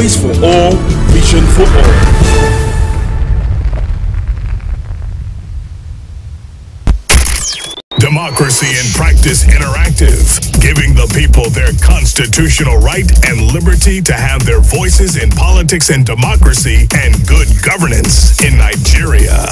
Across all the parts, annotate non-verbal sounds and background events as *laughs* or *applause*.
Voice for all, vision for all. Democracy in Practice Interactive, giving the people their constitutional right and liberty to have their voices in politics and democracy and good governance in Nigeria.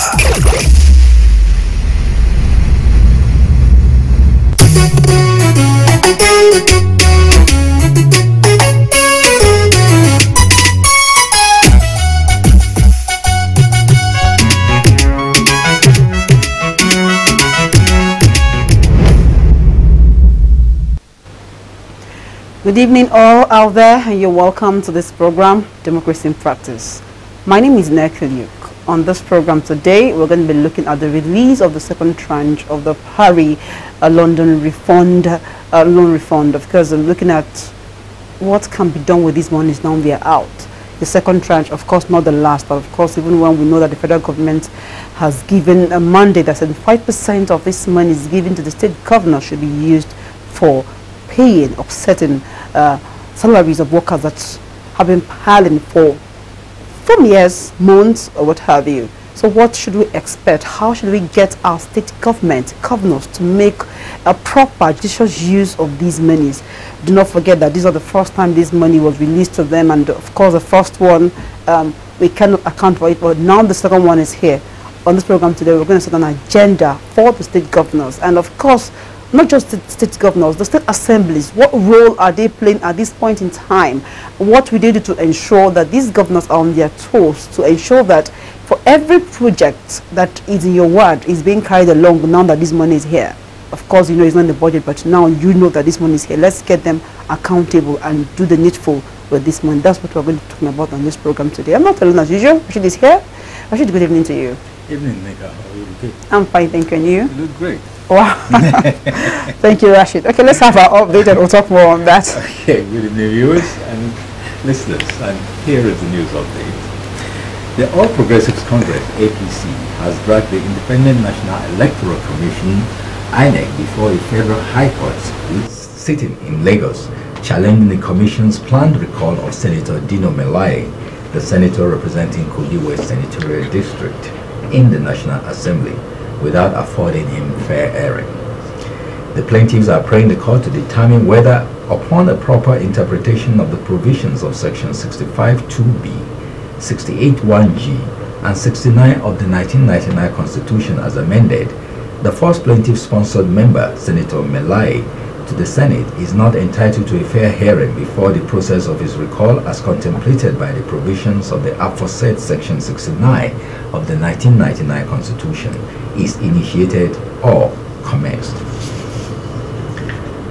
Good evening all out there and you're welcome to this program, Democracy in Practice. My name is Nekanyuk. On this program today, we're going to be looking at the release of the second tranche of the Paris, uh, London refund, uh, loan refund. Of course, I'm looking at what can be done with these monies now they are out. The second tranche, of course, not the last, but of course, even when we know that the federal government has given a mandate that said 5% of this money is given to the state governor should be used for paying, offsetting uh, salaries of workers that have been piling for some years, months, or what have you. So what should we expect? How should we get our state government, governors, to make a proper judicious use of these monies? Do not forget that these are the first time this money was released to them, and of course the first one, um, we cannot account for it, but now the second one is here. On this program today, we're going to set an agenda for the state governors, and of course, not just state, state governors, the state assemblies, what role are they playing at this point in time? What we did to ensure that these governors are on their toes to ensure that for every project that is in your ward is being carried along now that this money is here. Of course, you know it's not in the budget, but now you know that this money is here. Let's get them accountable and do the needful with this money. That's what we're going to be talking about on this program today. I'm not alone as usual. Rashid is here. Rashid, good evening to you. Evening, Nika. How are you? I'm fine, thank you. And you? You look great. Wow. *laughs* Thank you, Rashid. Okay, let's have our update and we'll talk more on that. Okay, good evening, viewers and listeners. And here is the news update. The All Progressives Congress, APC, has dragged the Independent National Electoral Commission, INEC, before a federal high court sitting in Lagos, challenging the commission's planned recall of Senator Dino Melai, the senator representing Kogi West Senatorial District in the National Assembly without affording him fair hearing. The plaintiffs are praying the court to determine whether, upon a proper interpretation of the provisions of Section 65.2b, 68.1g, and 69 of the 1999 Constitution as amended, the first plaintiff-sponsored member, Senator Melai, to the Senate is not entitled to a fair hearing before the process of his recall as contemplated by the provisions of the aforesaid Section 69 of the 1999 Constitution is initiated or commenced.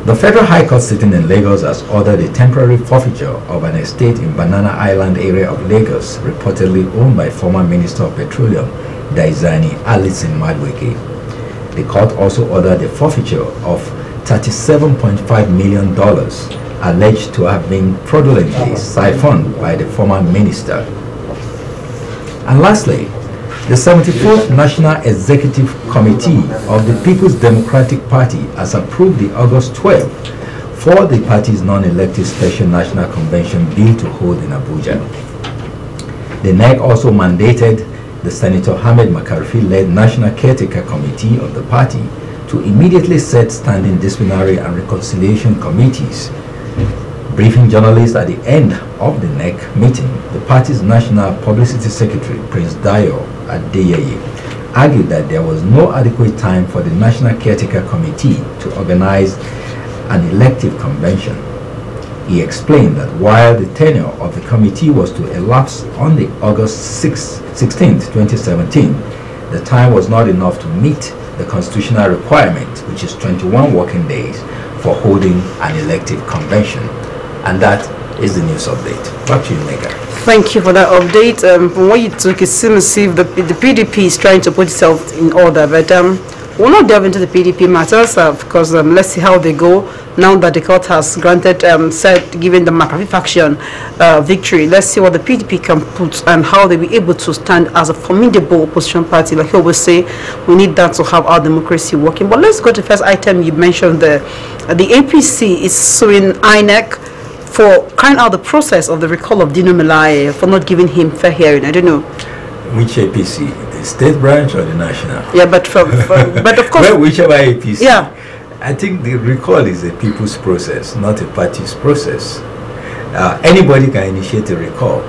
The Federal High Court sitting in Lagos has ordered a temporary forfeiture of an estate in Banana Island area of Lagos reportedly owned by former Minister of Petroleum Daisani Alison Madwike. The court also ordered the forfeiture of $37.5 million alleged to have been fraudulently siphoned by the former minister. And lastly, the 74th National Executive Committee of the People's Democratic Party has approved the August 12 for the party's non-elected Special National Convention bill to hold in Abuja. The NEC also mandated the Senator Hamed Makarfi-led National Caretaker Committee of the party to immediately set standing disciplinary and reconciliation committees. Briefing journalists at the end of the NEC meeting, the party's national publicity secretary, Prince Dayo Adeyeye, argued that there was no adequate time for the National Caretaker Committee to organize an elective convention. He explained that while the tenure of the committee was to elapse on the August 6, 16, 2017, the time was not enough to meet the constitutional requirement, which is 21 working days, for holding an elective convention. And that is the news update. Back to you, Mega. Thank you for that update. Um, from what you took, it seems as if the, the PDP is trying to put itself in order, but um, We'll not delve into the PDP matters uh, because um, let's see how they go now that the court has granted, um, said, given the Mapafi faction uh, victory. Let's see what the PDP can put and how they'll be able to stand as a formidable opposition party. Like you always say, we need that to have our democracy working. But let's go to the first item you mentioned there. The APC is suing INEC for kind out the process of the recall of Dino Malaye for not giving him fair hearing. I don't know. Which APC? state branch or the national. Yeah, but from, but of *laughs* course, well, whichever it is. Yeah, I think the recall is a people's process, not a party's process. Uh, anybody can initiate a recall,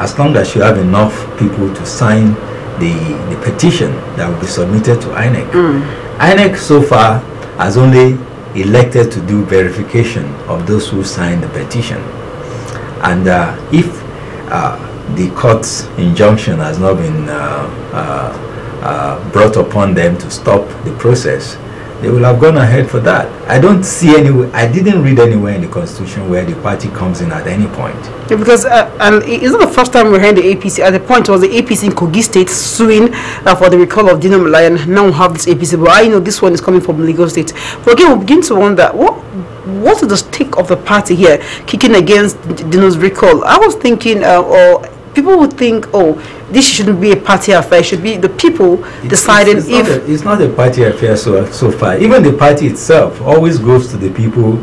as long as you have enough people to sign the the petition that will be submitted to INEC. Mm. INEC so far has only elected to do verification of those who signed the petition, and uh, if uh, the court's injunction has not been uh, uh, uh, brought upon them to stop the process, they will have gone ahead for that. I don't see any. I didn't read anywhere in the constitution where the party comes in at any point. Yeah, because uh, um, it's not the first time we're hearing the APC. At the point was the APC in Kogi State suing uh, for the recall of Dino Malayan. Now we have this APC, but I know this one is coming from Lagos State. But again, we begin to wonder what what is the stake of the party here kicking against Dino's recall? I was thinking, uh, or people would think, oh, this shouldn't be a party affair. It should be the people it, deciding it's, it's if. Not a, it's not a party affair so, so far. Even the party itself always goes to the people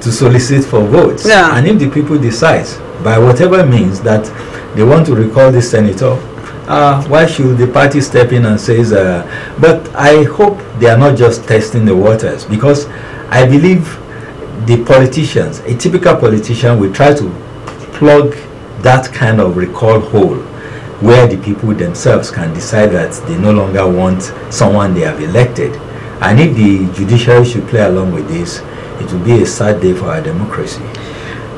to solicit for votes. Yeah. And if the people decide, by whatever means, that they want to recall this senator, uh, why should the party step in and says, uh, but I hope they are not just testing the waters because I believe the politicians, a typical politician will try to plug that kind of recall hole where the people themselves can decide that they no longer want someone they have elected. And if the judiciary should play along with this, it will be a sad day for our democracy.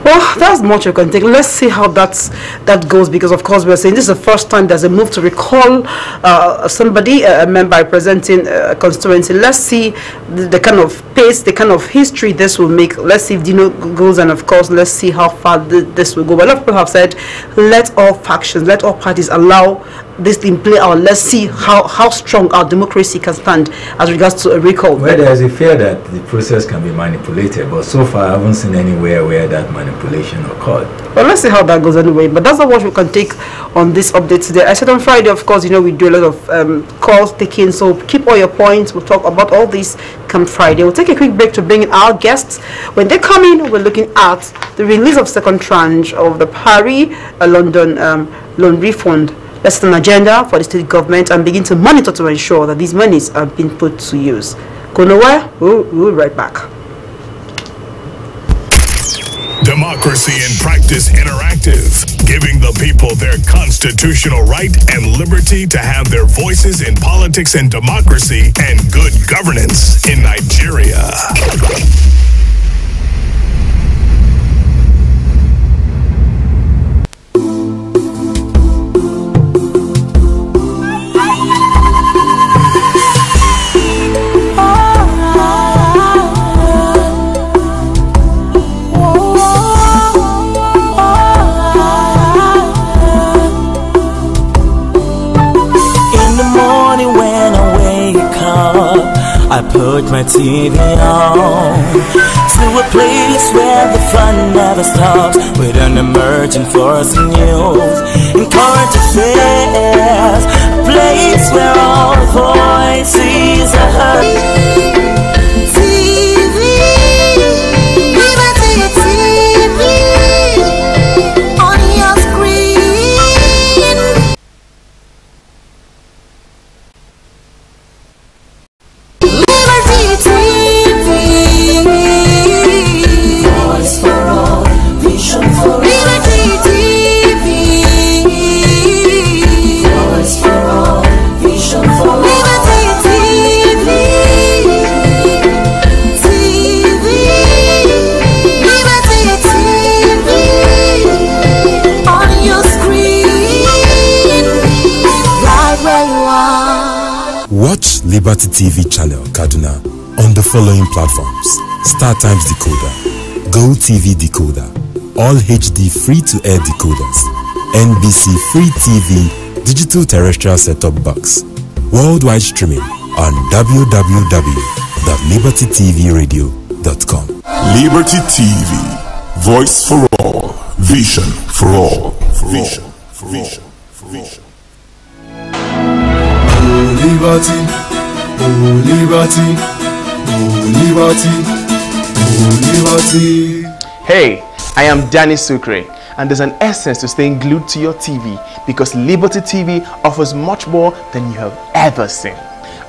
Well, that's much I can take. Let's see how that's that goes because, of course, we're saying this is the first time there's a move to recall uh, somebody, a member representing uh, a constituency. Let's see the, the, kind of pace, the kind of history this will make. Let's see if Dino goes, and of course, let's see how far th this will go. But a lot of people have said, let all factions, let all parties allow this in play out. Let's see how, how strong our democracy can stand as regards to a recall. Well, there is a fear that the process can be manipulated, but so far I haven't seen anywhere where that manipulation occurred. Well, let's see how that goes anyway. But that's not what we can take on this update today. I said on Friday, of course, you know, we do a lot of um, calls taking. so keep all your points. We'll talk about all this come Friday. We'll take a quick break to bring in our guests. When they come in, we're looking at the release of second tranche of the Paris uh, London um, loan refund. That's an agenda for the state government and begin to monitor to ensure that these monies are being put to use. Go nowhere, we'll, we'll right back. Democracy in Practice Interactive, giving the people their constitutional right and liberty to have their voices in politics and democracy and good governance in Nigeria. put my TV on To a place where the fun never stops With an emerging force of news And current affairs A place where all voices are heard Liberty TV channel Kaduna on the following platforms Star Times Decoder, Go TV Decoder, All HD Free to Air Decoders, NBC Free TV Digital Terrestrial Setup Box, Worldwide Streaming on www.libertytvradio.com. Liberty TV, voice for all, vision for all, vision for all, for all. Liberty oh liberty, oh liberty, oh liberty. Hey, I am Danny Sucre and there's an essence to staying glued to your TV because Liberty TV offers much more than you have ever seen.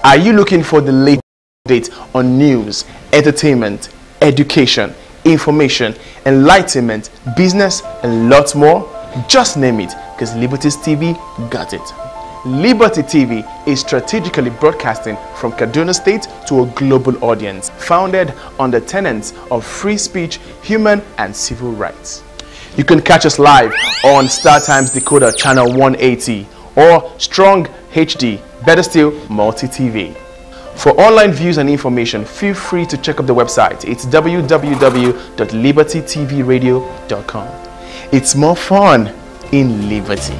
Are you looking for the latest update on news, entertainment, education, information, enlightenment, business, and lots more? Just name it because Liberty's TV got it. Liberty TV is strategically broadcasting from Kaduna State to a global audience, founded on the tenets of free speech, human and civil rights. You can catch us live on Star Times Decoder Channel 180 or Strong HD, better still, Multi TV. For online views and information, feel free to check out the website. It's www.libertytvradio.com. It's more fun in liberty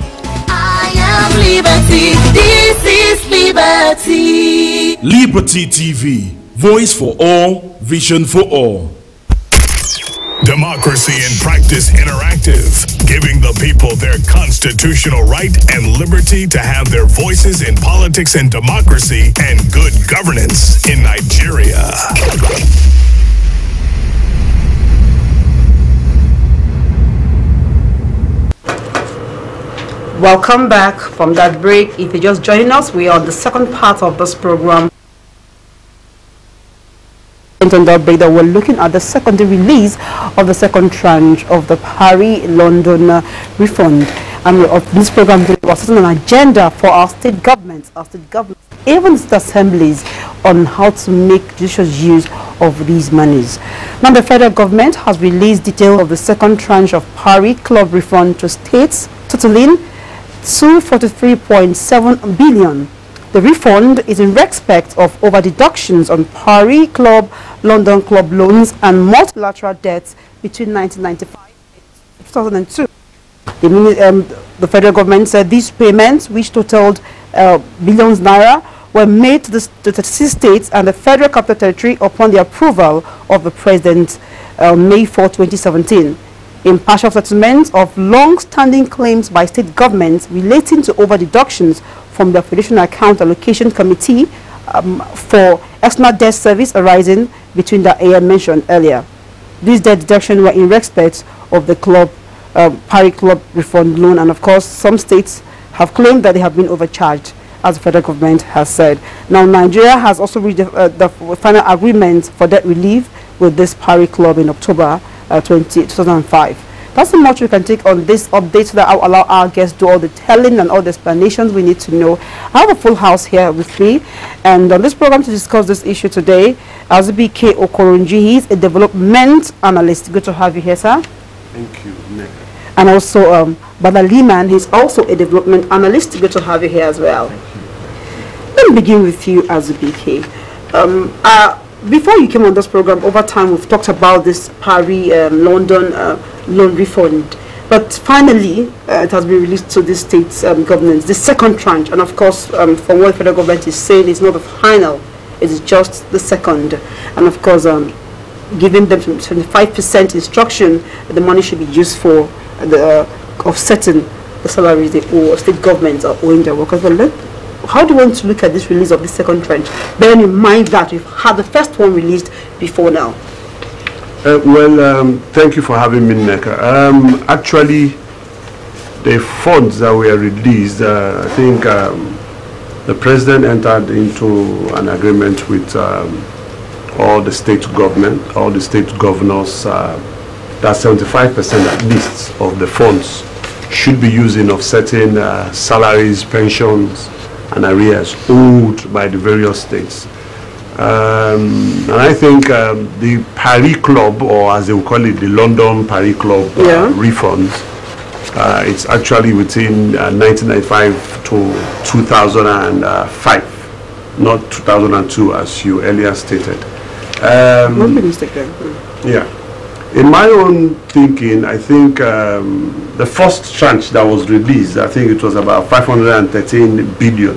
of liberty. This is liberty. Liberty TV, voice for all, vision for all. Democracy in Practice Interactive, giving the people their constitutional right and liberty to have their voices in politics and democracy and good governance in Nigeria. Welcome back from that break. If you're just joining us, we are on the second part of this program. On that break, that we're looking at the second release of the second tranche of the Paris London refund. And of this program, was setting an agenda for our state governments, our state governments, even the assemblies, on how to make judicious use of these monies. Now, the federal government has released details of the second tranche of Paris Club refund to states, totaling 243.7 billion. The refund is in respect of over-deductions on Paris Club, London Club loans and multilateral debts between 1995 and 2002. The, um, the federal government said these payments, which totaled uh, billions naira, were made to the, to states and the federal capital territory upon the approval of the president uh, May 4, 2017 impartial settlement of long-standing claims by state governments relating to over-deductions from the Federation Account Allocation Committee um, for external debt service arising between the AM mentioned earlier. These debt deductions were in respect of the club, uh, Paris Club refund loan, and of course some states have claimed that they have been overcharged, as the federal government has said. Now Nigeria has also reached the, uh, the final agreement for debt relief with this Paris Club in October, uh, 2005. That's so much we can take on this update so that I'll allow our guests to do all the telling and all the explanations we need to know. I have a full house here with me, and on this program to discuss this issue today, BK K. Okorunji, he's a development analyst. Good to have you here, sir. Thank you, Nick. And also, um, Bada Liman, he's also a development analyst. Good to have you here as well. Let me begin with you, Azubike. Um, uh, before you came on this program, over time we've talked about this Paris, um, London uh, loan refund. But finally, uh, it has been released to the state um, governments, the second tranche. And of course, um, from what the federal government is saying, it's not the final, it is just the second. And of course, um, giving them 75% instruction, the money should be used for the uh, offsetting the salaries they owe, state governments are owing their workers. But let, how do you want to look at this release of the second trench, bearing in mind that we've had the first one released before now? Uh, well, um, thank you for having me, Neka. Um, actually, the funds that were released, uh, I think um, the president entered into an agreement with um, all the state government, all the state governors, uh, that 75% at least of the funds should be used in offsetting uh, salaries, pensions, and arrears owed by the various states. Um, and I think um, the Paris Club, or as they would call it, the London Paris Club uh, yeah. refunds, uh, it's actually within uh, 1995 to 2005, not 2002 as you earlier stated. Um, One mistake Yeah. In my own thinking, I think um, the first tranche that was released, I think it was about 513 billion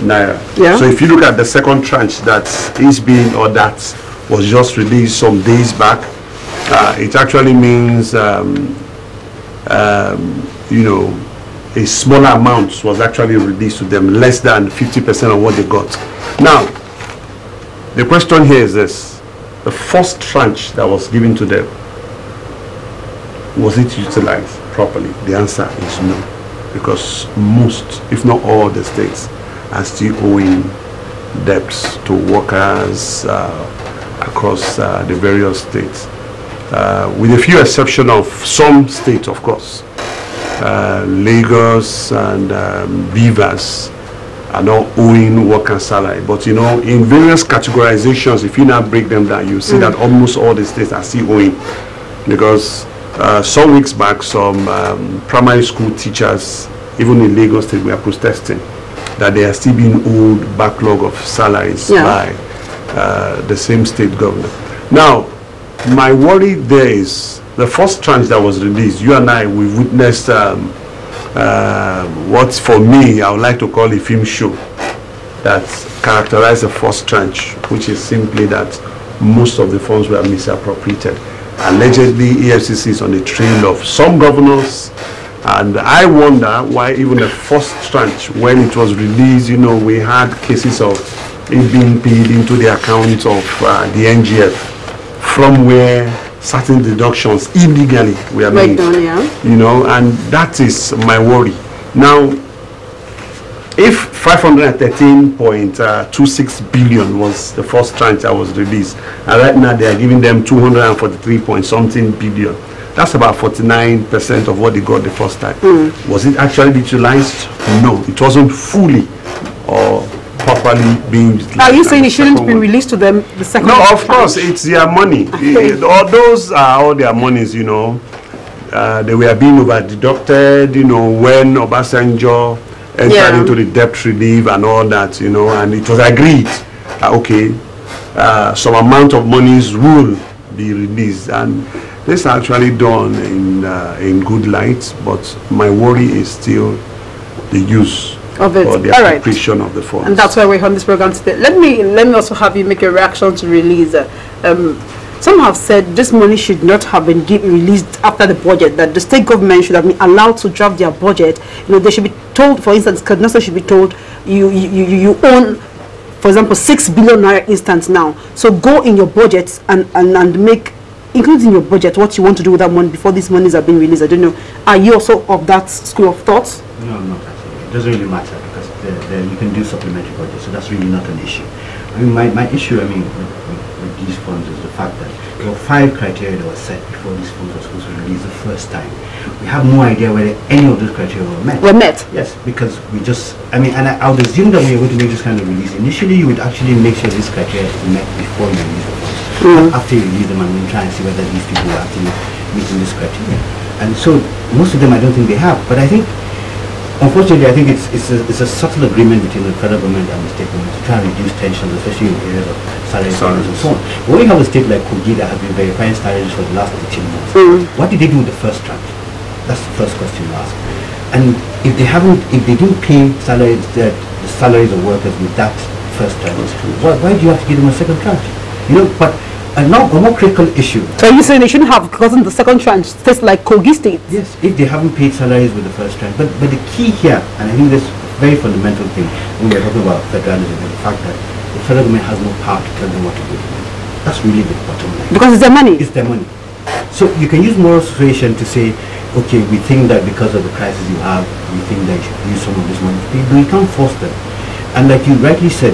naira. Yeah. So if you look at the second tranche that is being or that was just released some days back, uh, it actually means um, um, you know a smaller amount was actually released to them, less than 50% of what they got. Now, the question here is this the first tranche that was given to them, was it utilized properly? The answer is no, because most, if not all the states, are still owing debts to workers uh, across uh, the various states, uh, with a few exception of some states, of course, uh, Lagos and um, Beavers, are not owing worker salary. But you know, in various categorizations, if you now break them down, you see mm. that almost all the states are still owing. Because uh, some weeks back, some um, primary school teachers, even in Lagos State, were protesting that they are still being owed backlog of salaries yeah. by uh, the same state government. Now, my worry there is the first tranche that was released, you and I, we witnessed um, uh, what for me I would like to call a film show that characterized the first tranche, which is simply that most of the funds were misappropriated. Allegedly, EFCC is on the trail of some governors, and I wonder why even the first tranche, when it was released, you know, we had cases of it being paid into the account of uh, the NGF, from where certain deductions illegally we are making. yeah. You know, and that is my worry. Now, if 513.26 billion was the first tranche that was released, and right now they are giving them 243 point something billion, that's about 49% of what they got the first time. Mm. Was it actually utilized? No, it wasn't fully or properly being Are you saying it shouldn't be released to them the second No, of course, it's their money. *laughs* it, all those are all their monies, you know. Uh, they were being over deducted, you know, when Obasanjo entered yeah. into the debt relief and all that, you know, and it was agreed, uh, okay, uh, some amount of monies will be released. And this is actually done in, uh, in good light, but my worry is still the use of it. Or the of the forms. And that's why we're on this program today. Let me let me also have you make a reaction to release. Um, some have said this money should not have been released after the budget, that the state government should have been allowed to draft their budget. You know, they should be told, for instance, Kadnasa should be told, you, you, you own, for example, 6 billion naira instance now. So go in your budget and, and, and make, including your budget, what you want to do with that money before these monies have being released. I don't know. Are you also of that school of thought? No, no doesn't really matter because they're, they're, you can do supplementary budgets, so that's really not an issue. I mean, my, my issue, I mean, with, with, with these funds is the fact that there were five criteria that were set before these funds were supposed to release the first time. We have no idea whether any of those criteria were met. Were met? Yes, because we just, I mean, and I, I would assume that we are going to make this kind of release. Initially, you would actually make sure these criteria are met before you release the funds. Mm. After you release them, and then try and see whether these people are actually meeting this criteria. And so most of them, I don't think they have. But I think Unfortunately, I think it's, it's, a, it's a subtle agreement between the federal government and the state government to try and reduce tensions, especially in areas of salary salaries and so on. When you have a state like Kogi that has been verifying salaries for the last 18 months, mm. what did they do with the first tranche? That's the first question you ask. And if they haven't, if they didn't pay salaries, that the salaries of workers with that first tranche, why, why do you have to give them a second tranche? You know, but and now a more critical issue. So you saying they shouldn't have gotten the second tranche, just like Kogi State? Yes, if they haven't paid salaries with the first tranche. But, but the key here, and I think this very fundamental thing when we're talking about federalism is the fact that the federal government has no power to tell them what to do. That's really the bottom line. Because it's their money. It's their money. So you can use moral situation to say, okay, we think that because of the crisis you have, we think that you should use some of this money but you can't force them. And like you rightly said,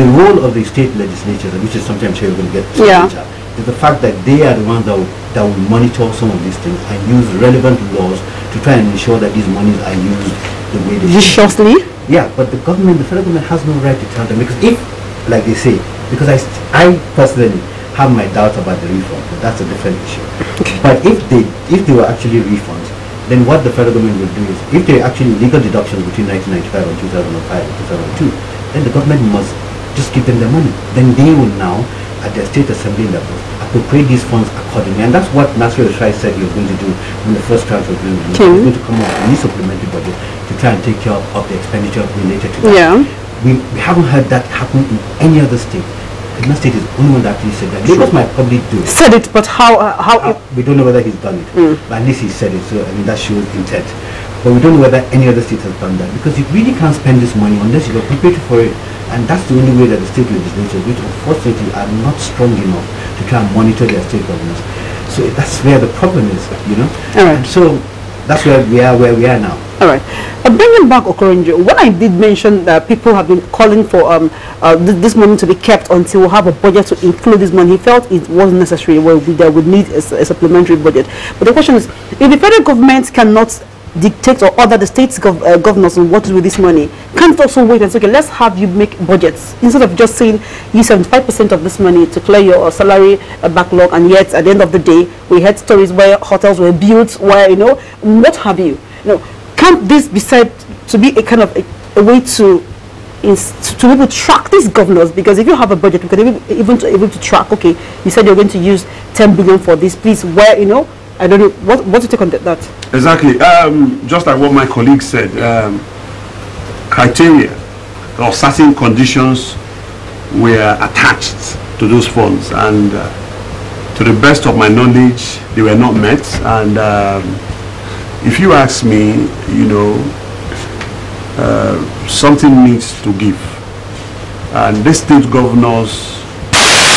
the role of the state legislature, which is sometimes here we're going to get yeah. later, is the fact that they are the ones that will, that will monitor some of these things and use relevant laws to try and ensure that these monies are used the way they Viciously? Yeah, but the government, the federal government has no right to tell them because if, like they say, because I, I personally have my doubts about the refund, but that's a different issue. But if they, if they were actually refunds, then what the federal government would do is, if there are actually legal deductions between 1995 and 2005 and 2002, then the government must just give them the money. Then they will now, at the state assembly level, appropriate these funds accordingly. And that's what Nasser Shai said he was going to do when the first tranche was going to He was going to come up with a new supplementary budget to try and take care of the expenditure related to that. Yeah. We, we haven't heard that happen in any other state. Kaduna State is the only one that actually said that. Lagos might probably do it. Said it, but how? Uh, how? Uh, we don't know whether he's done it. Mm. But at least he said it, so I mean that shows intent. But we don't know whether any other state has done that because you really can't spend this money unless you are prepared for it and that's the only way that the state legislatures, which unfortunately are not strong enough to try and monitor their state governments. So that's where the problem is, you know. All right. And so that's where we are, where we are now. All right. Uh, bringing back Okoronjo, when I did mention that people have been calling for um, uh, th this money to be kept until we have a budget to include this money, he felt it wasn't necessary. Well, we, would need a, a supplementary budget. But the question is, if the federal government cannot dictate or order the state gov uh, governors on what to do with this money. Can't also wait and say, okay, let's have you make budgets instead of just saying send 75% of this money to clear your salary uh, backlog. And yet, at the end of the day, we had stories where hotels were built, where you know, what have you. you know, can't this be said to be a kind of a, a way to to be able to track these governors because if you have a budget, we can even, even to, able to track. Okay, you said you're going to use 10 billion for this. Please, where you know I don't know. What, what's your take on that? Exactly. Um, just like what my colleague said, um, criteria or certain conditions were attached to those funds. And uh, to the best of my knowledge, they were not met. And um, if you ask me, you know, uh, something needs to give. And the state governors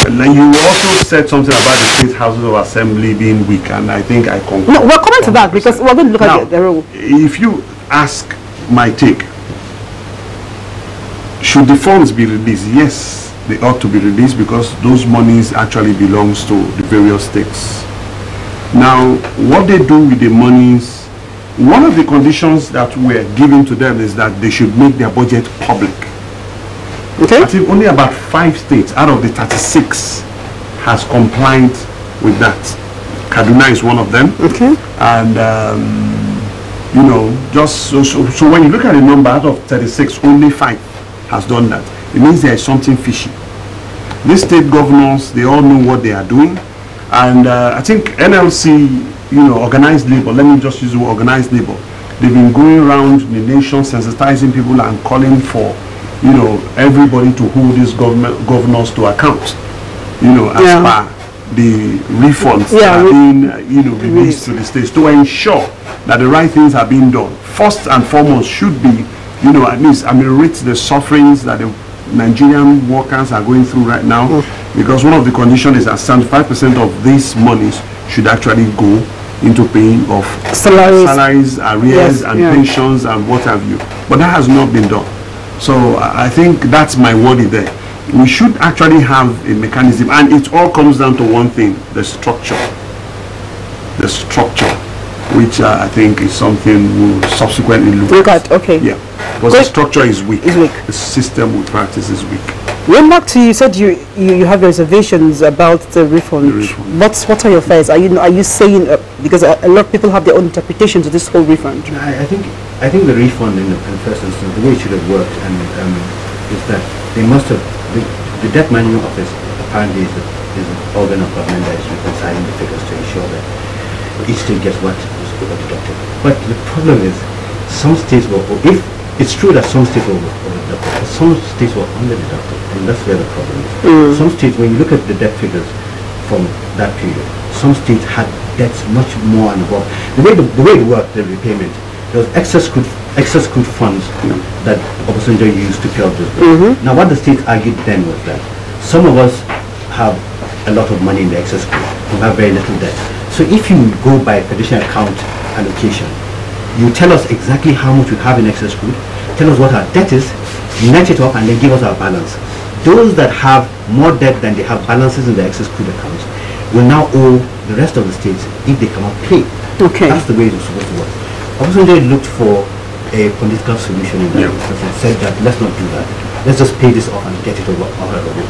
and then you also said something about the state houses of assembly being weak, and I think I concur. No, we're coming to that because we're going to look now, at the, the role. If you ask my take, should the funds be released? Yes, they ought to be released because those monies actually belongs to the various states. Now, what they do with the monies, one of the conditions that were given to them is that they should make their budget public. Okay. I think only about five states out of the 36 has complied with that. Kaduna is one of them. Okay. And, um, you know, just so, so, so, when you look at the number out of 36, only five has done that. It means there is something fishy. These state governors, they all know what they are doing. And uh, I think NLC, you know, organized labor, let me just use the word organized labor. They've been going around the nation sensitizing people and calling for you know, everybody to hold these government governors to account, you know, as yeah. per the refunds yeah, are being, you know, released to the states to ensure that the right things are being done. First and foremost should be, you know, at least ameliorate the sufferings that the Nigerian workers are going through right now mm. because one of the conditions is that 75% of these monies should actually go into paying of salaries, salaries arrears yes, and yeah. pensions and what have you. But that has not been done. So I think that's my worry there. We should actually have a mechanism, and it all comes down to one thing, the structure. The structure, which uh, I think is something we'll subsequently look, look at. okay. Yeah, because the structure is weak. Is weak. The system we practice is weak. Going back to you said you, you, you have reservations about the refund. The refund. What's what are your fears? Are you are you saying uh, because a, a, lot of people have their own interpretations of this whole refund? I, I think I think the refund in the first instance, the way it should have worked, and um, is that they must have the, the debt management office apparently is, the, is an organ of government that is reconciling the figures to ensure that each state gets what was deducted. But the problem is, some states were, if it's true that some states were overdeducted, but some states were under-deducted, and that's where the problem is. Mm. Some states, when you look at the debt figures from that period, some states had debts much more and above. The way the, the way it worked, the repayment, there's excess good excess good funds yeah. that Obasanjo used to pay off this bill. Mm -hmm. Now what the state argued then was that some of us have a lot of money in the excess good, we have very little debt. So if you go by traditional account allocation, you tell us exactly how much we have in excess good, tell us what our debt is, net it up and then give us our balance. Those that have more debt than they have balances in the excess good accounts will now owe the rest of the states if they cannot pay. Okay. That's the way it's supposed to work. Obasanjo looked for a political solution in that yeah. said that let's not do that. Let's just pay this off and get it over, over with.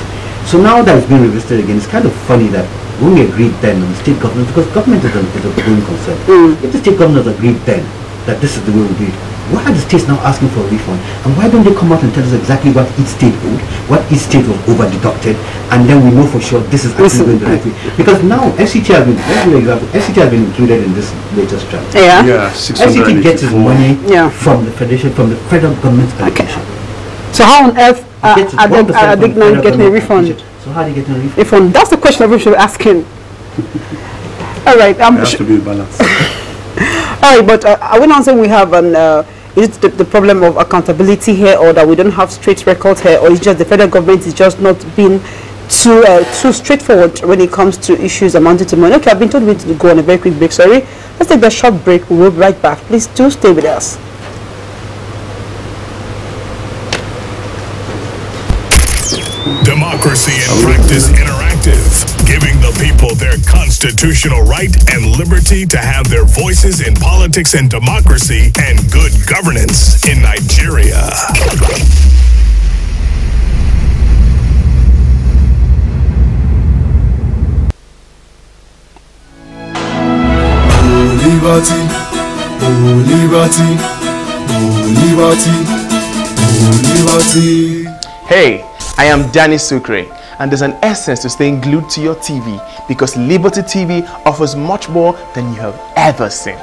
So now that it's been revisited again, it's kind of funny that when we agreed then on the state government, because government is a, is a concern, mm. if the state government agreed then that this is the way we do it, why are the states now asking for a refund? And why don't they come out and tell us exactly what each state owed, what each state was over-deducted, and then we know for sure this is actually going the right way. Because now SCT has been, let me example, SCT has been included in this latest trend. Yeah. Yeah, SCT gets its money yeah. from the federation, from the federal government. allocation. Okay. So how on earth are they, are they getting a refund? Allocation. So how do they get a refund? refund? That's the question we should be asking. *laughs* All right. Um, it has to be balanced. *laughs* All right, but uh, I would not say we have an... Uh, is it the, the, problem of accountability here or that we don't have straight records here or it's just the federal government is just not being too uh, too straightforward when it comes to issues amounting to money okay i've been told we need to go on a very quick break sorry let's take a short break we'll be right back please do stay with us democracy in practice interactive giving the people their constitutional right and liberty to have their voices in politics and democracy and good governance in Nigeria. Oh, liberty, oh, liberty, oh, liberty, oh, liberty. Hey, I am Danny Sucre and there's an essence to staying glued to your TV because Liberty TV offers much more than you have ever seen.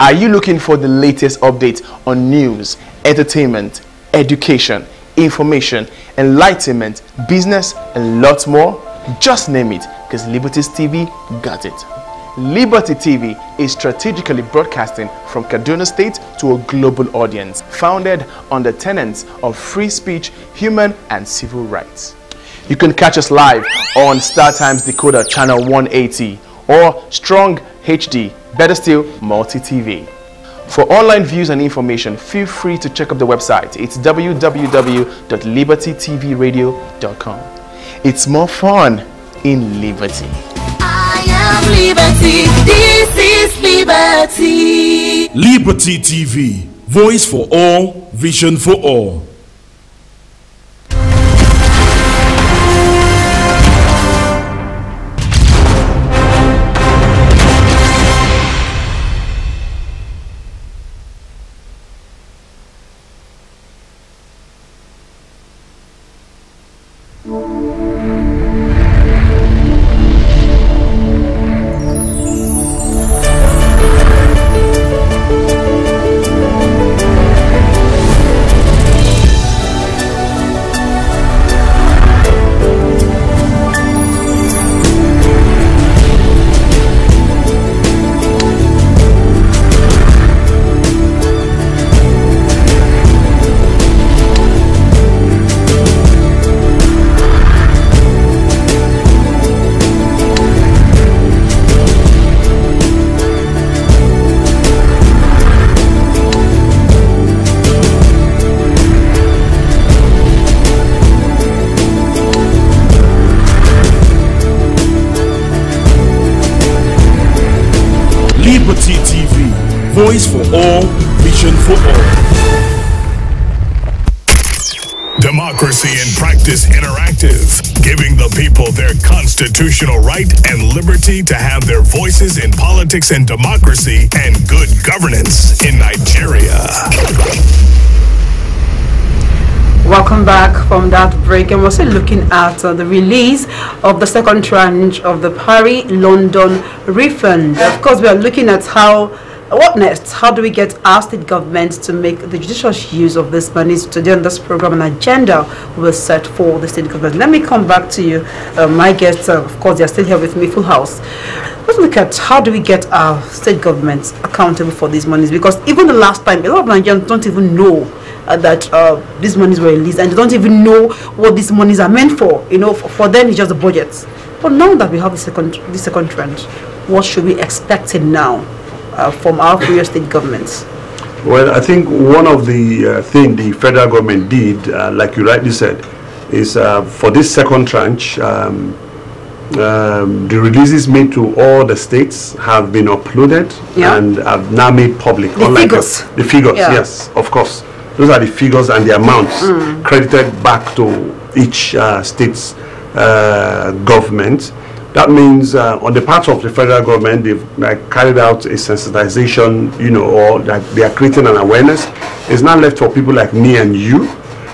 Are you looking for the latest updates on news, entertainment, education, information, enlightenment, business, and lots more? Just name it because Liberty's TV got it. Liberty TV is strategically broadcasting from Kaduna State to a global audience, founded on the tenets of free speech, human and civil rights. You can catch us live on Star Times Decoder channel 180 or Strong HD, better still, Multi TV. For online views and information, feel free to check out the website. It's www.libertytvradio.com. It's more fun in liberty. I am liberty. This is liberty. Liberty TV, voice for all, vision for all. constitutional right and liberty to have their voices in politics and democracy and good governance in Nigeria. Welcome back from that break, and we're still looking at uh, the release of the second tranche of the Paris London refund. Of course, we are looking at how what next? How do we get our state government to make the judicious use of this money? Today on this program, an agenda was set for the state government. Let me come back to you. Uh, my guests, uh, of course, they are still here with me, Full House. Let's look at how do we get our state governments accountable for these monies? Because even the last time, a lot of Nigerians don't even know uh, that uh, these monies were released and they don't even know what these monies are meant for. You know, for, for them it's just the budget. But now that we have the second the second trend, what should we expect now? uh, from our three state governments? Well, I think one of the uh, things the federal government did, uh, like you rightly said, is uh, for this second tranche, um, um, the releases made to all the states have been uploaded yeah. and have now made public. The figures. The, the figures, yeah. yes, of course. Those are the figures and the amounts mm. credited back to each uh, state's uh, government. That means uh, on the part of the federal government, they've like, carried out a sensitization, you know, or like, they are creating an awareness. It's not left for people like me and you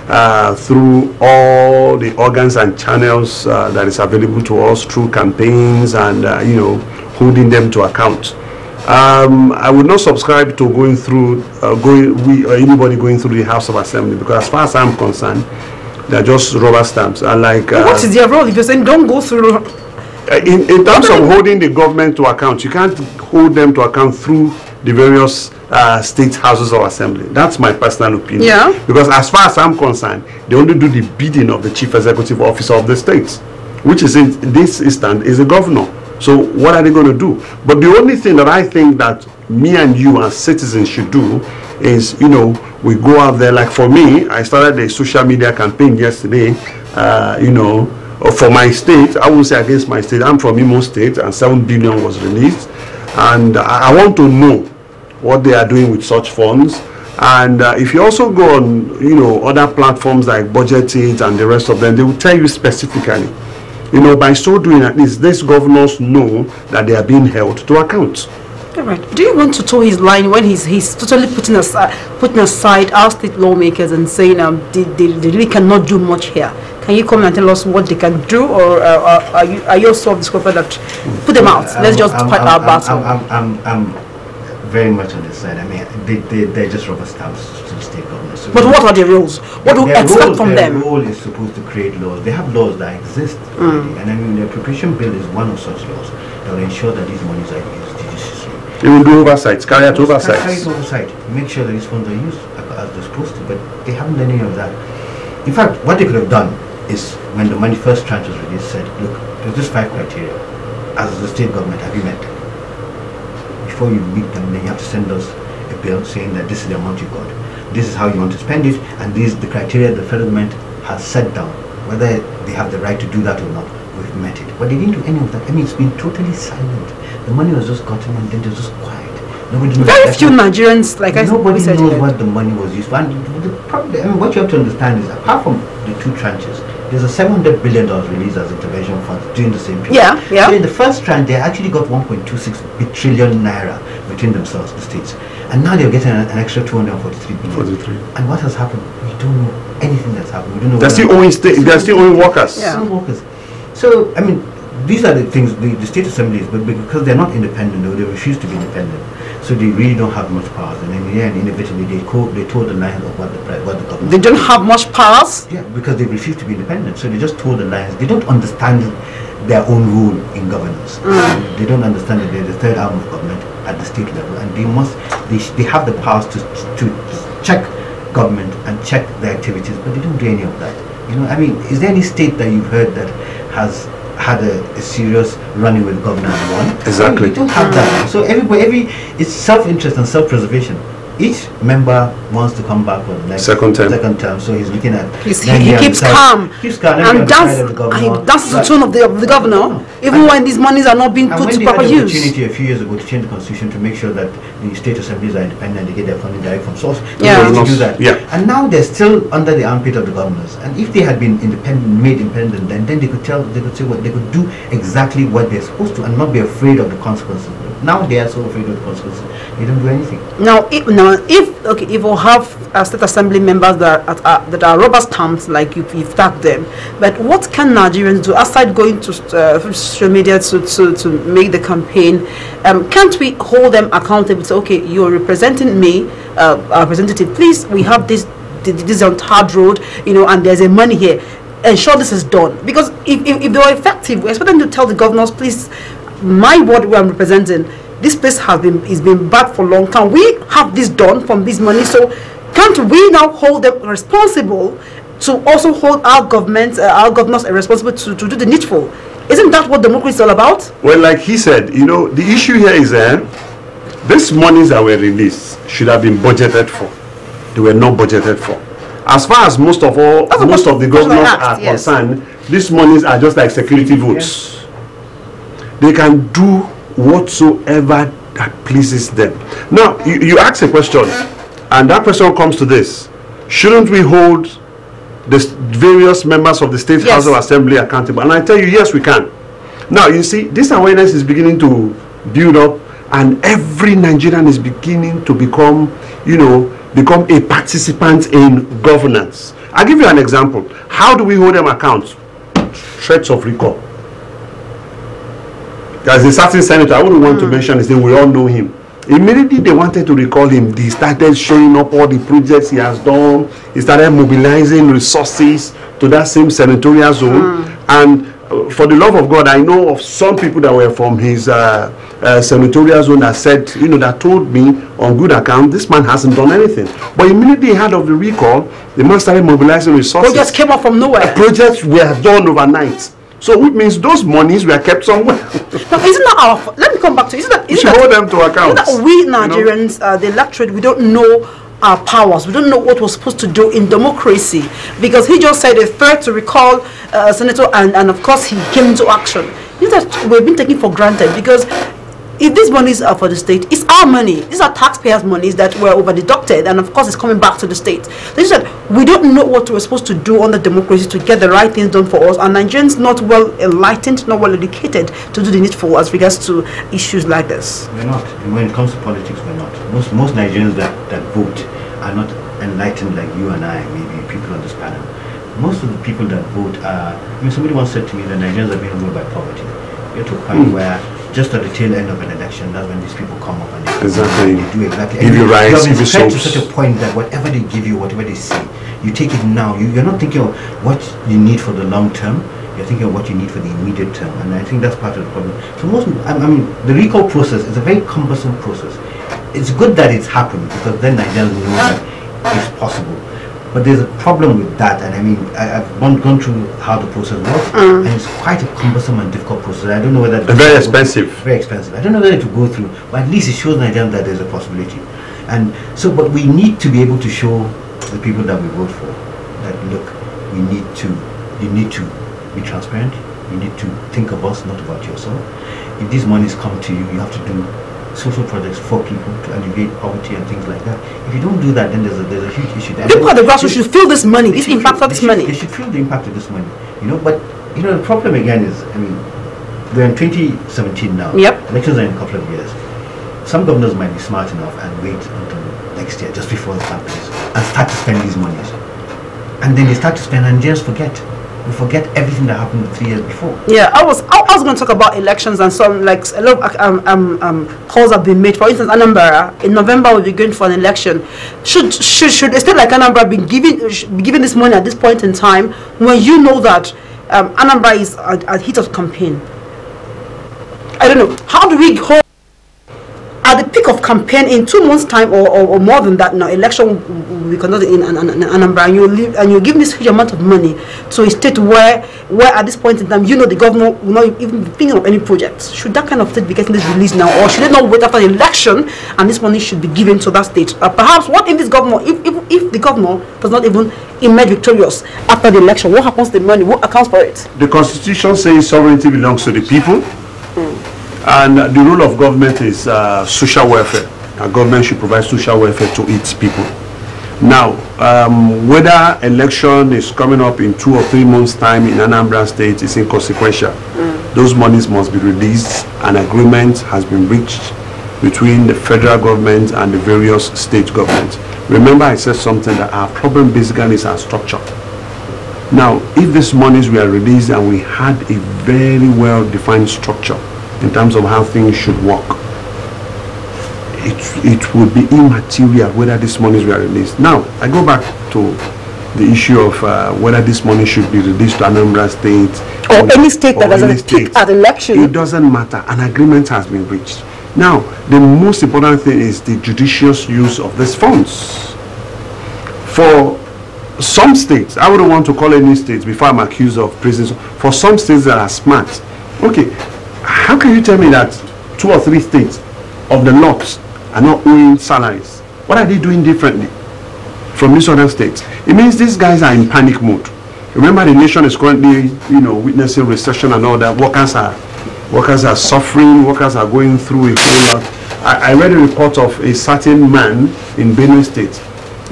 uh, through all the organs and channels uh, that is available to us through campaigns and, uh, you know, holding them to account. Um, I would not subscribe to going through, uh, going, we, or uh, anybody going through the House of Assembly because as far as I'm concerned, they're just rubber stamps. And like, what is their role? If you're saying don't go through uh, in, in terms of holding the government to account, you can't hold them to account through the various uh, state houses of assembly. That's my personal opinion. Yeah. Because as far as I'm concerned, they only do the bidding of the chief executive officer of the state, which is in this instance is the governor. So what are they going to do? But the only thing that I think that me and you as citizens should do is, you know, we go out there. Like for me, I started a social media campaign yesterday. Uh, you know. Uh, for my state, I won't say against my state, I'm from Imo State and 7 billion was released. And uh, I, I want to know what they are doing with such funds. And uh, if you also go on, you know, other platforms like Budgetit and the rest of them, they will tell you specifically. You know, by so doing, at least these governors know that they are being held to account. All right. Do you want to toe his line when he's he's totally putting aside putting aside our state lawmakers and saying um they, they, they really cannot do much here? Can you come and tell us what they can do, or uh, uh are you are you of the school that put them out? Let's just I'm, fight I'm, our battle. I'm, I'm, I'm, very much on the side. I mean, they, they, they're just rubber stamps to the state government. So but what are the rules? What do we expect rules, from their them? Their role is supposed to create laws. They have laws that exist mm. And I mean, the appropriation bill is one of such laws that will ensure that these monies are used judiciously. They will do oversight, carry out oversight. Carry out oversight. Make sure that these funds are used as they're supposed to. But they haven't done any of that. In fact, what they could have done is when the money first tranche was released, said, look, there's just five criteria. As the state government, have you met? Before you meet them, then you have to send us a bill saying that this is the amount you got, this is how you want to spend it, and these the criteria the federal government has set down. Whether they have the right to do that or not, we've met it. But they didn't do any of that. I mean, it's been totally silent. The money was just gotten and then it was just quiet. Nobody knows. Very few Nigerians, like I said, nobody knows what the money was used for. And the problem, I mean, what you have to understand is, apart from the two tranches, there's a 700 billion dollars release as intervention funds during the same period. Yeah, yeah. So in the first tranche, they actually got 1.26 trillion naira between themselves, the states, and now they're getting an, an extra 243 billion. 43. And what has happened? We don't know anything that's happened. We don't know. They're still owing state. they're still owing workers. Yeah. workers. So I mean, these are the things the, the state assemblies, but because they're not independent, though they refuse to be independent so they really don't have much powers. And in the end, inevitably, they, they told the lines of what the, what the government. They don't have much powers? Yeah, because they refuse to be independent. So they just told the lines. They don't understand their own role in governance. Mm. They don't understand that they're the third arm of government at the state level. And they must, they, they have the powers to, to check government and check their activities, but they don't do any of that. You know, I mean, is there any state that you've heard that has had a, a serious running with governor and won. Exactly. So don't have that. So everybody, every it's self-interest and self-preservation each member wants to come back for the next second term. Second term, so he's looking at. He's, he, he keeps side, calm. Keeps calm. And that's I, that's the tone of the, of the governor. Even and when these monies are not being put to proper use. opportunity a few years ago to change the constitution to make sure that the state assemblies are independent, they get their funding direct from source. Yeah. yeah. To do that. yeah. And now they're still under the armpit of the governors. And if they had been independent, made independent, then then they could tell, they could say what they could do exactly what they're supposed to, and not be afraid of the consequences. Now they are so afraid of the consequences you don't do anything. Now, if, now, if okay, if we have uh, state assembly members that are, uh, that are rubber stamps, like you, you've tagged them, but what can Nigerians do aside going to uh, social media to, to, to make the campaign? Um, can't we hold them accountable? okay, you're representing me, uh, representative. Please, we have this this on hard road, you know, and there's a money here. Ensure this is done because if, if, if they were effective, we expect them to tell the governors, please, my ward where I'm representing this place has been is been bad for a long time. We have this done from this money, so can't we now hold them responsible to also hold our government, uh, our governors responsible to, to do the needful? Isn't that what democracy is all about? Well, like he said, you know, the issue here is that uh, eh, these monies that were released should have been budgeted for. They were not budgeted for. As far as most of all, That's most of the governors are yes. concerned, these monies are just like security votes. Yes. They can do whatsoever that pleases them. Now, you, you ask a question, and that question comes to this Shouldn't we hold the various members of the State yes. House of Assembly accountable? And I tell you, yes, we can. Now, you see, this awareness is beginning to build up, and every Nigerian is beginning to become, you know, become a participant in governance. I'll give you an example. How do we hold them account? Threats of recall. There's a certain senator, I wouldn't want mm. to hmm. mention his name, we all know him. Immediately they wanted to recall him, they started showing up all the projects he has done, he started mobilizing resources to that same senatorial zone. Mm. And uh, for the love of God, I know of some people that were from his uh, uh, senatorial zone that said, you know, that told me on good account, this man hasn't done anything. But immediately he heard of the recall, the man started mobilizing resources. Projects came up from nowhere. projects were done overnight. So it means those monies were kept somewhere. *laughs* now, isn't that our? Fault? Let me come back to. Isn't that? Isn't we should hold them to account. Isn't that we Nigerians, you know? uh, the electorate, we don't know our powers. We don't know what we're supposed to do in democracy because he just said a threat to recall uh, Senator, and, and of course he came into action. Isn't that we've been taken for granted because if these monies are for the state, it's our money. These are taxpayers' monies that were over deducted, and of course, it's coming back to the state. They said we don't know what we're supposed to do on the democracy to get the right things done for us, and Nigerians not well enlightened, not well educated to do the needful as regards to issues like this. We're not. When it comes to politics, we're not. Most most Nigerians that that vote are not enlightened like you and I, maybe people on this panel. Most of the people that vote are. I mean, somebody once said to me that Nigerians are being ruled by poverty. You're to a point mm. where just at the tail end of an election, that's when these people come up and they, exactly. do exactly. Give you they, rights, you have give you to such a point that whatever they give you, whatever they say, you take it now. You, you're not thinking of what you need for the long term. You're thinking of what you need for the immediate term, and I think that's part of the problem. So most, I mean, the recall process is a very cumbersome process. It's good that it's happened because then I then know that it's possible. But there's a problem with that, and I mean, I, have gone, gone through how the process works, mm. and it's quite a cumbersome and difficult process. I don't know whether it's very expensive. Very expensive. I don't know whether to go through, but at least it shows Nigerians that there's a possibility. And so, but we need to be able to show the people that we vote for that look, we need to, you need to be transparent. You need to think of us, not about yourself. If these monies come to you, you have to do social projects for people to alleviate poverty and things like that. If you don't do that, then there's a, there's a huge issue there. People at the grassroots should feel this money, this impact of this money. They should feel the impact of this money, you know. But you know, the problem again is, I mean, we're in 2017 now. Yep. Elections are in a couple of years. Some governors might be smart enough and wait until next year, just before the happens, and start to spend these monies. And then they start to spend and just forget we forget everything that happened three years before. Yeah, I was I, was going to talk about elections and some like a lot of um, um, um, calls have been made. For instance, Anambra in November will be going for an election. Should should should a state like Anambra be giving be given this money at this point in time when you know that um, Anambra is at, at heat of campaign? I don't know. How do we hold at the peak of campaign in two months' time or, or, or more than that now, election we conduct in Anambra, and you leave, and you give this huge amount of money to a state where, where at this point in time, you know the governor will not even be thinking of any projects. Should that kind of state be getting this release now, or should it not wait after the election and this money should be given to that state? Uh, perhaps what if this governor, if, if, if the governor does not even emerge victorious after the election, what happens to the money? What accounts for it? The constitution says sovereignty belongs to the people. And the role of government is uh, social welfare. A government should provide social welfare to its people. Now, um, whether election is coming up in two or three months' time in Anambra State is inconsequential. Mm. Those monies must be released. An agreement has been reached between the federal government and the various state governments. Remember I said something that our problem basically is our structure. Now, if these monies were released and we had a very well-defined structure, in terms of how things should work. It, it would be immaterial whether this money is released. Now, I go back to the issue of uh, whether this money should be released to Anambra State or, any state or that doesn't pick at election. It doesn't matter. An agreement has been reached. Now, the most important thing is the judicious use of these funds. For some states, I wouldn't want to call any states before I'm accused of treason. For some states that are smart, okay, How can you tell me that two or three states of the north are not owing salaries? What are they doing differently from these other states? It means these guys are in panic mode. Remember, the nation is currently, you know, witnessing recession and all that. Workers are, workers are suffering. Workers are going through a whole lot. I, I read a report of a certain man in Benue State.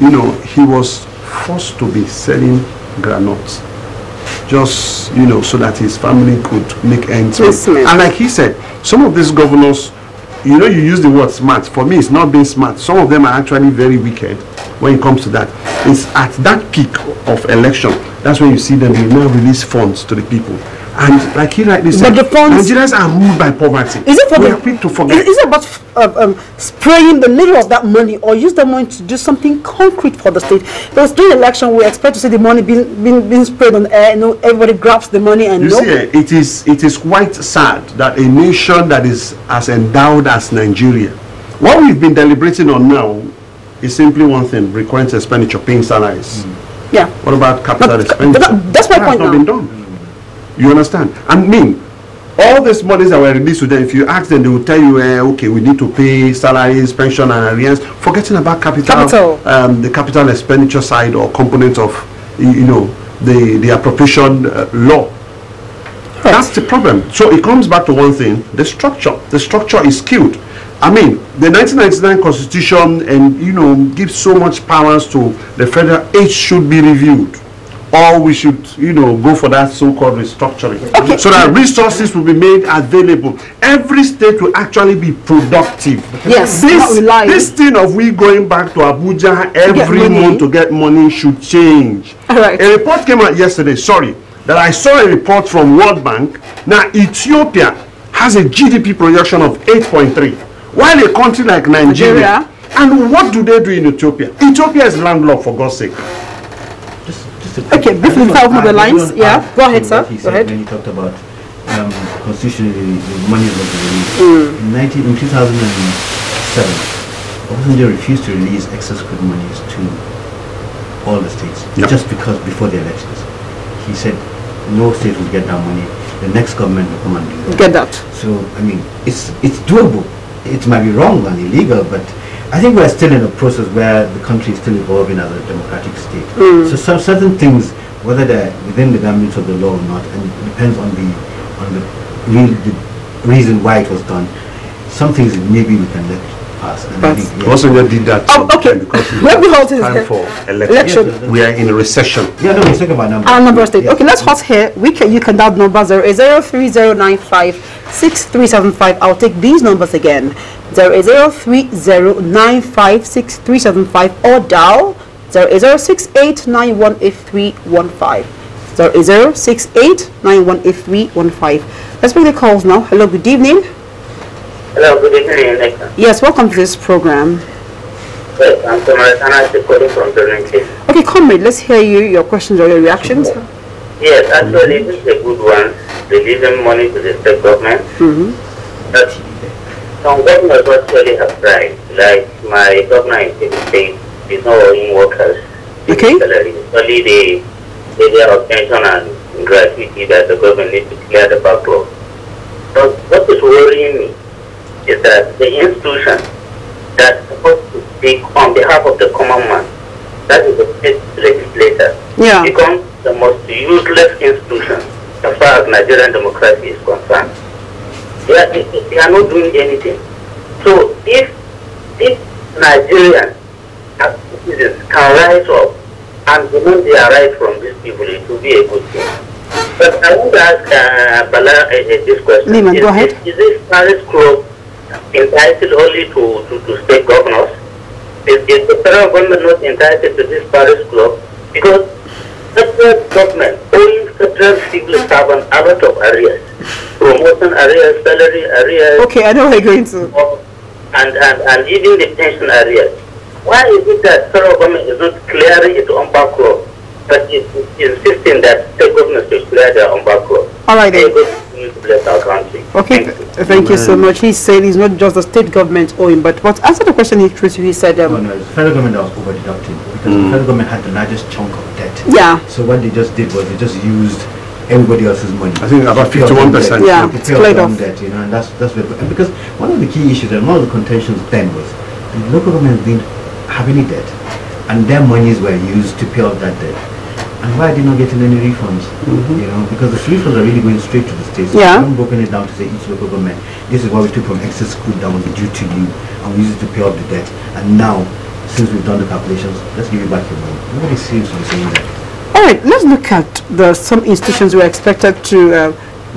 You know, he was forced to be selling granules just you know so that his family could make ends meet. Yes, and like he said, some of these governors, you know, you use the word smart. For me, it's not being smart. Some of them are actually very wicked when it comes to that. It's at that peak of election that's when you see them. They now release funds to the people. And like he rightly said, but the funds, Nigerians are ruled by poverty. Is it for we the, are quick to forget? Is, is it about uh, um, spraying the little of that money or use the money to do something concrete for the state? Because during election, we expect to see the money being being, being spread on air. You know, everybody grabs the money and you no. see, eh, it is it is quite sad that a nation that is as endowed as Nigeria, what we've been deliberating on now, is simply one thing: recurrent expenditure, paying salaries. Mm. Yeah. What about capital but, expenditure? that's my that point. Has not now. been done. You understand? I mean, all these monies that were released to them, if you ask them, they will tell you, eh, okay, we need to pay salaries, pension, and arrears, forgetting about capital, capital. Um, the capital expenditure side or component of, you know, the, the appropriation uh, law. Right. That's the problem. So it comes back to one thing, the structure. The structure is skewed. I mean, the 1999 constitution and, you know, gives so much powers to the federal, it should be reviewed or we should, you know, go for that so-called restructuring. Okay. So that resources will be made available. Every state will actually be productive. Yes, this, this thing of we going back to Abuja every month to get money should change. All right. A report came out yesterday, sorry, that I saw a report from World Bank. Now, Ethiopia has a GDP projection of 8.3, while a country like Nigeria, Nigeria, and what do they do in Ethiopia? Ethiopia is landlocked, for God's sake. Okay, briefly, before open the lines. Yeah, go ahead, sir. Go ahead. When you talked about um, constitutionally the money was released mm. in, 19, in 2007, Obasanjo refused to release excess good monies to all the states yep. just because before the elections he said no state will get that money. The next government will come and do that. Get that. So I mean, it's it's doable. It might be wrong and illegal, but I think we're still in a process where the country is still evolving as a democratic state. Mm. So some certain things, whether they're within the boundaries of the law or not, and it depends on the on the, the reason why it was done. Some things maybe we can let also, we did that. Oh, okay. Let me halt his for election. election. We are in a recession. Yeah, no, we're talking about numbers. Our number state. Yeah. Okay, let's halt here. We can, you can dial number 03095 I'll take these numbers again. 03095 or dial 006891815. 06068918315. Let's make the calls now. Hello, good evening. Hello, good evening, Yes, welcome to this program. Yes, I'm calling from Okay, comrade, let's hear you, your questions or your reactions. Yes, actually, this is a good one. They them money to the state government. Mm-hmm. But some governors actually have tried, like my governor in the state is not owing workers. Okay. Salary. Only the area of pension and gratuity that the government needs to clear the backlog. But what is worrying me is that the institution that's supposed to speak on behalf of the common man, that is the state legislator, yeah. becomes the most useless institution as far as Nigerian democracy is concerned. They are, they are not doing anything. So if, if Nigerians as citizens can rise up and demand their right from these people, it will be a good thing. But I want to ask uh, Bala uh, uh this question. Lehman, is, go ahead. Is, is this Paris Club entitled only to, to, to state governors, If, the federal government not entitled to this Paris Club? Because federal government, all federal civil servants are out of areas, Promotion areas, salary areas. Okay, I know we're going to. And, and, and even the pension areas. Why is it that federal government is not clearing its own backlog? But insisting that the government should clear their own backlog. All right. Then. Okay, thank, you. thank you so mm. much. He said it's not just the state government owing, but what answer the question he treated, he said. Um, no, no, the federal government was over deducting because mm. the federal government had the largest chunk of debt. Yeah. So what they just did was they just used everybody else's money. I think about 51 percent. Yeah, it's played off. Debt, you know, and that's that's where, because one of the key issues and one of the contentions then was the local government didn't have any debt, and their monies were used to pay off that debt and why are did not get any refunds. Mm -hmm. You know, because the refunds are really going straight to the states. yeah. I haven't broken it down to say each local government. This is what we took from excess school that was due to you, and we used it to pay off the debt. And now, since we've done the calculations, let's give you back your money. Nobody seems to be saying that. All right, let's look at the some institutions are expected to uh,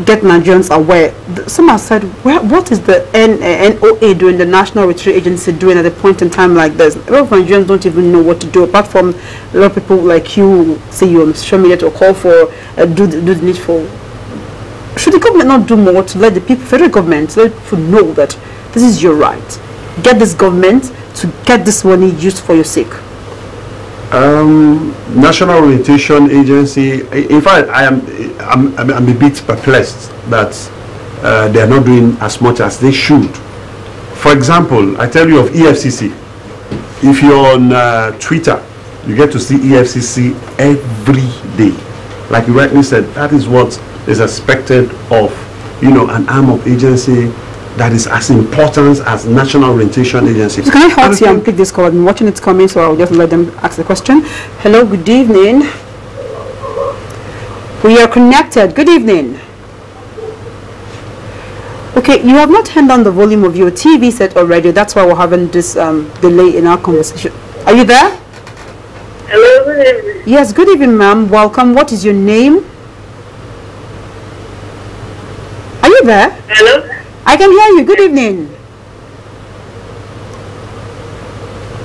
get Nigerians aware. Some have said, well, what is the N eh, NOA doing, the National Retreat Agency doing at a point in time like this? A lot of Nigerians don't even know what to do, apart from a lot of people like you, say you on social media to call for, uh, do, the, do the needful. Should the government not do more to let the people, federal government, let people know that this is your right? Get this government to get this money used for your sake. Um, National Orientation Agency. In fact, I am I'm, I'm a bit perplexed that uh, they are not doing as much as they should. For example, I tell you of EFCC. If you're on uh, Twitter, you get to see EFCC every day. Like you rightly said, that is what is expected of you know an arm of agency that is as important as National Orientation Agency. Can I you? i and pick this call? I'm watching it coming, so I'll just let them ask the question. Hello, good evening. We are connected. Good evening. Okay, you have not turned on the volume of your TV set already. That's why we're having this um, delay in our conversation. Are you there? Hello, good evening. Yes, good evening, ma'am. Welcome. What is your name? Are you there? Hello. I can hear you. Good evening.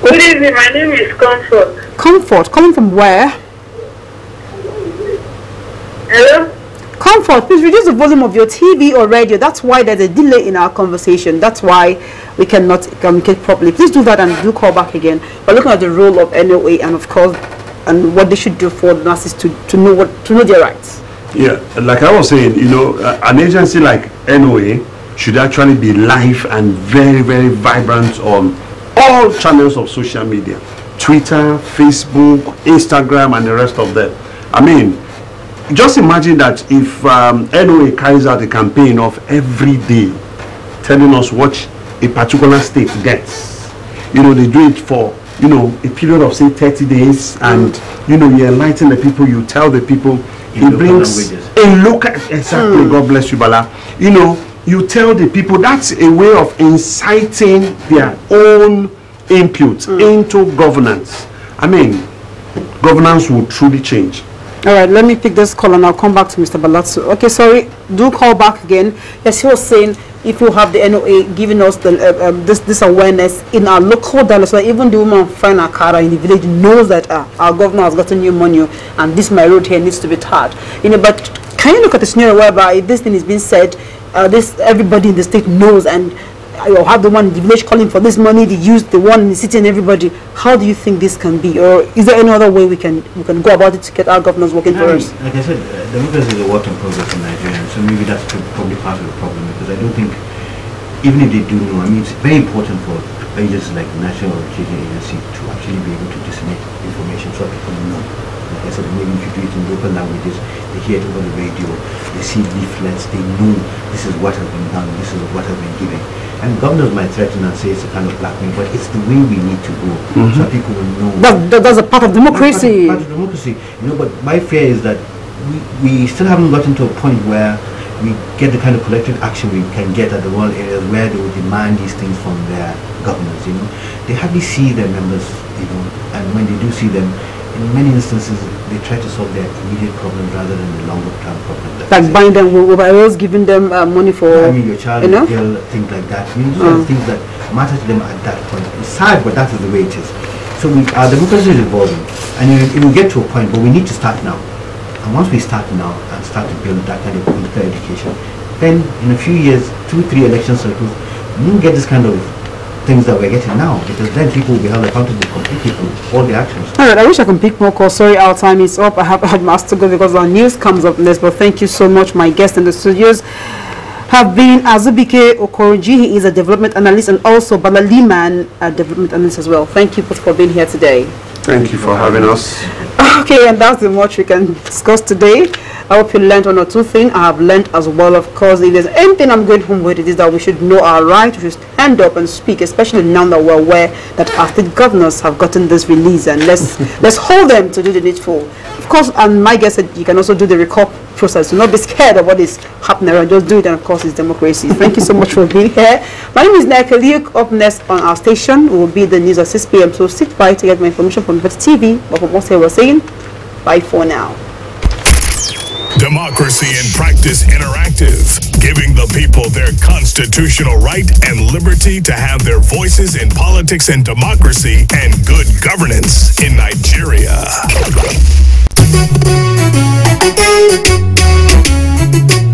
Good evening. My name is Comfort. Comfort. Calling from where? Hello? Comfort, please reduce the volume of your TV or radio. That's why there's a delay in our conversation. That's why we cannot communicate properly. Please do that and do call back again. But looking at the role of NOA and of course, and what they should do for the nurses to, to know what to know their rights. Yeah, like I was saying, you know, an agency like NOA should actually be live and very, very vibrant on all channels of social media Twitter, Facebook, Instagram, and the rest of them. I mean, just imagine that if um, NOA carries out a campaign of every day telling us what a particular state gets, you know, they do it for you know a period of say 30 days and you know you enlighten the people you tell the people in it brings languages. a look at exactly hmm. god bless you bala you know you tell the people that's a way of inciting their own input mm. into governance. I mean, governance will truly change. All right, let me pick this call and I'll come back to Mr. Balatsu. Okay, sorry, do call back again. Yes, he was saying if you have the NOA giving us the, uh, um, this, this awareness in our local dialogue, so even the woman friend Akara in the village knows that uh, our governor has gotten new money and this my road here needs to be tarred. You know, but can you look at the scenario whereby if this thing is being said uh, this everybody in the state knows and you have the one in the village calling for this money, the youth, the one in the city and everybody. How do you think this can be? Or is there any other way we can we can go about it to get our governors working for us? Like I said, uh, democracy is a work in progress in Nigeria, so maybe that's probably part of the problem because I don't think, even if they do know, I mean, it's very important for agencies like the National Education Agency to actually be able to disseminate information so people know I said, maybe if you do it in local languages, they hear it over the radio, they see leaflets, they know this is what has been done, this is what has been given. And governors might threaten and say it's a kind of blackmail, but it's the way we need to go. Mm -hmm. So people will know. That, that, that's a part of democracy. Part of, part of democracy. You know, but my fear is that we, we still haven't gotten to a point where we get the kind of collective action we can get at the rural areas where they will demand these things from their governments, you know. They hardly see their members, you know, and when they do see them, in many instances, they try to solve their immediate problem rather than the longer term problem. Like buying them, I was giving them uh, money for. I mean, your child, you know? girl, things like that. You know, those uh-huh. things that matter to them at that point. It's sad, but that is the way it is. So we, our democracy is evolving, and it, it will get to a point, but we need to start now. And once we start now and start to build that kind of political education, then in a few years, two, three election cycles, we will get this kind of things that we're getting now because then people will be held accountable completely for all the actions. All right, I wish I could pick more calls. Sorry, our time is up. I have had must to go because our news comes up next. But thank you so much, my guests in the studios have been Azubike Okoroji. He is a development analyst and also Balaliman, a development analyst as well. Thank you both for being here today. Thank you for having us. Okay, and that's the much we can discuss today. I hope you learned one or two things. I have learned as well, of course. If there's anything I'm going home with, it is that we should know our rights. We should stand up and speak, especially now that we're aware that our state governors have gotten this release and let's, *laughs* let's hold them to do the needful. Of course, and my guess is you can also do the recall process. Do not be scared of what is happening around. Just do it, and of course, it's democracy. Thank you so much for being here. My name is Naya Kaliuk. Up next on our station will be the news at 6 p.m. So sit by to get my information from the TV. But for what I was saying, bye for now. Democracy in Practice Interactive giving the people their constitutional right and liberty to have their voices in politics and democracy and good governance in Nigeria. *laughs*